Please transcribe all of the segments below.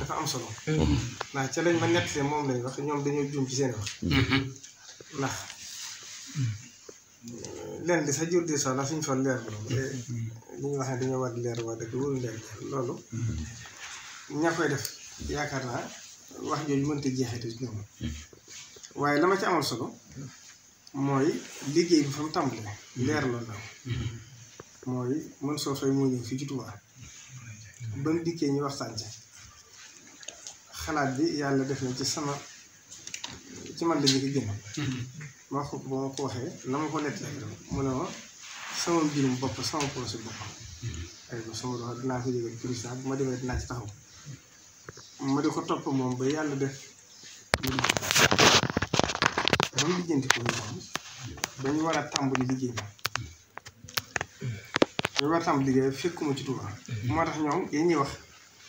dafa am solo. ndax ca lañ ma nettalee moom lañ wax ñoom dañoo juum ci seen wax. ndax lenn di sa jur di soxla suñ fa leer loolu. Eh, li ñu wax koy def yaakaar naa wax jooju mënta jeexati ci ñoom. waaye la ma ci amal solo. mooy liggéey bi fa mu tàmbalee. leer loolu la mooy mën soo fay moo ñëw fii ci wax ba mu dikkee ñu waxtaan ci xalaat bi yàlla def na ci sama ci man la ñu ko génne. Mm-hmm. ko ba ma ko waxee na ma ko nettali mu ne ma sama mbirum bopp sama projet boppam. Mm-hmm. aywa sama doxal dinaa ko yëgal président bu ma demee dinaa ci ko topp ba yàlla def lu mu ba mu lijjanti ko ba ñu war a tàmbali liggéey bi mm-hmm. ñu war a tàmbali liggéey fekkuma ci Tuuba moo tax ñoom yéen ñuy wax.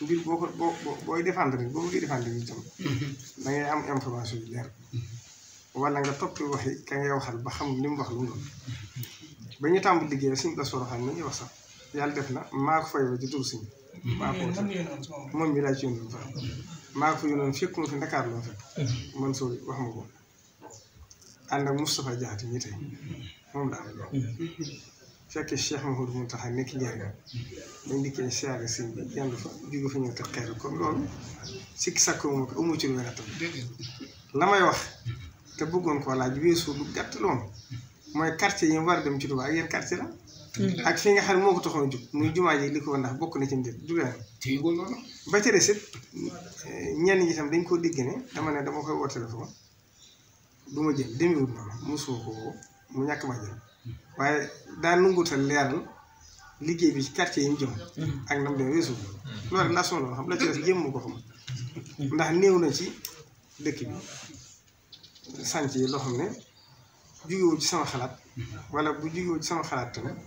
ngir boo ko boo booy défendre boo bëggee défendre bi itam. Mhm. da ngay am information yu leer. Mhm. wala nga topp waxi ka ngay waxal ba xam ni mu wax lu mu doon. ba ñu tàmbali liggéey suñu tas war a xam ni ñuy wax sax yàlla def na maa ko fayoo ci tur suñu. Mhm. maa ko moom mi laa ci yónnoon faa. maa ko yónnoon fekk mu fi Ndakaar loo fekk. man soo wax ma ko. ànd ak Moustapha Diakhaté ñi tey moom la am. fekkee Cheikh Mouhamadou Mountakha nekk njëriñam dañ dikkee siyaare sëñ bi yendu fa jóge fa ñëw te xeer kon loolu sikki sàkk moom ko amu ci lu la may wax te bëggoon koo laaj weesu lu gàtt loon mooy quartier yi dem ci Touba ak yéen quartier la mm. ak nga xam ne moo ko toxoon jóg muy jumaa ji li ko ndax bokk na ci njëkk juleen ba ca des it ñenn ñi tam dañ koo dégg ne dama ne dama koy woo téléphone du ma jël demeewul noonu mosoo ko mu ñàkk ma jël waaye daa nanguutal leeral liggéey bi ci quartier yi ñu jëm. ak nam dem weesu loolu rek nation la xam la ci des jéem ko xam néew na ci dëkk bi ne jugewul ci sama xalaat wala bu jugewul ci sama xalaat tamit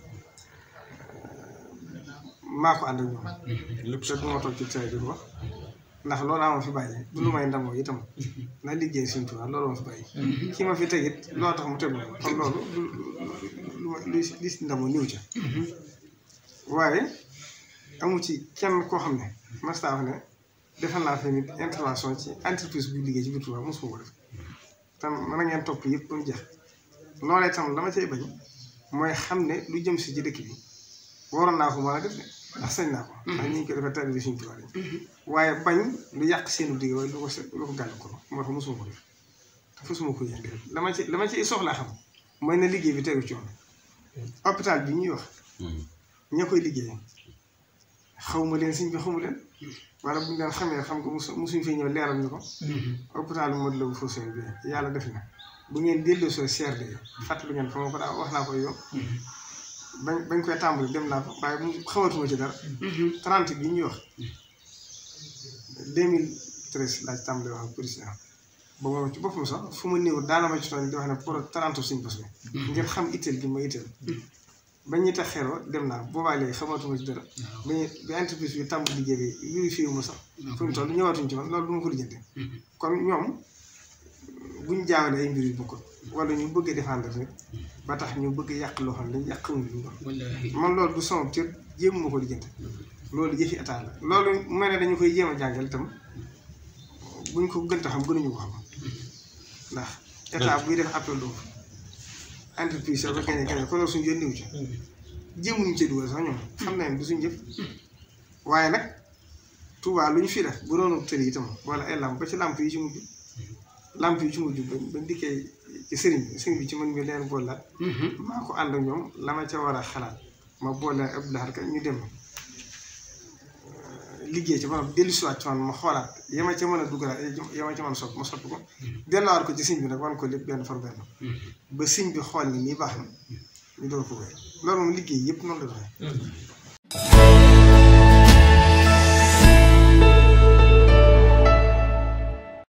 maa ko ànd ak ñoom lépp te du toog ci tey di wax ndax loolu moo fi bàyyi du lu may ndamoo itam mm-hmm. na liggéey suñu tubaab loolu moo fi bàyyi mm-hmm. ki ma fi tegit loo tax mu tegul kon loolu lu lu li mm-hmm. waaye amu ci kenn koo xam ne mastaaf ne naa fi nit intervention ci entreprise bu liggéey ci biir tubaab mosuma ko def tam mën na ngeen topp yëpp ba mu jeex loolee tam dama cay bañ mooy xam ne lu jëm si ci dëkk bi waroon a def ne ndax sañ naa ko. Mm-hmm. ndax ñu ngi koy defal taalibe Sëriñ Tuubaa mm-hmm. waaye bañ lu yàq seen digg waaye lu ko lu ko gàllankoor moo tax mosuma ko def ko yëngal dama ci dama ci soxlaa xam mooy na liggéey bi tegu ci bi ñuy wax. Mm-hmm. ña liggéey xaw ma leen sëñ bi xamu leen. wala bu daan xamee xam nga mosuñu fee ñëw leeral ñu ko. hôpital bi Modou Lo bu Fousseyni bi yàlla def na bu ngeen delloo soo CRD fàttali ngeen fa ma ko daa wax naa ko yow. bañ bañ koy tàmbali dem naa ko waaye mu xamatuma ci dara. 30 mhm. bi ñuy wax. 2013 laa ci tàmbali wax ak président ba moom ci boppam sax fu ma néew daana ma ci toog di wax ne pour 30 suñ bés bi. Mhm. xam itteel gi ma itteel. Mhm. ba ñi tax xeeroo dem naa boobaa léegi xamatuma ci dara. ba ñuy ba entreprise bi tàmbali liggéey bi yooyu fii ma sax. fu mu toll ñëwaatuñ ci man loolu du ma ko lijjanti. kon ñoom. buñ jaawalee ay mbir yu bokkul wala ñu bëggee a défendre rek ba tax ñu bëgg a yàq loo xam ne yàq xamuñ lu mu man loolu du sama cër jéem ma ko lijjanti loolu yëfi état la loolu mel koy jéem a jàngal buñ ko gën xam ko xam ndax état buy def appel d'offre entreprise sa ba gañe gañe ko loolu ci jéemuñu xam nañ du suñ jëf waaye nag Touba lu ñu fi def bu doonu tëri itam wala ay làmp ba ci làmp yi ci mujj làmp yi ci mujj ba ba dikkee ci sëriñ bi sëriñ bi ci mën mi leen boole la. Mhm. maa ko ànd ñoom la ma ca war a xalaat ma boole ak Abdou Lahad Ka ñu dem euh, liggéey ci maanaam ma xoolaat ya ma ca mën a dugalaat ya ma ca mën ma soppi ko. Mhm. delluwaat ko ci sëriñ bi nag wan ko lépp benn mhm. ba siñ bi xool ni nii baax na ñu door ko loolu moom liggéey yëpp noonu la doxee.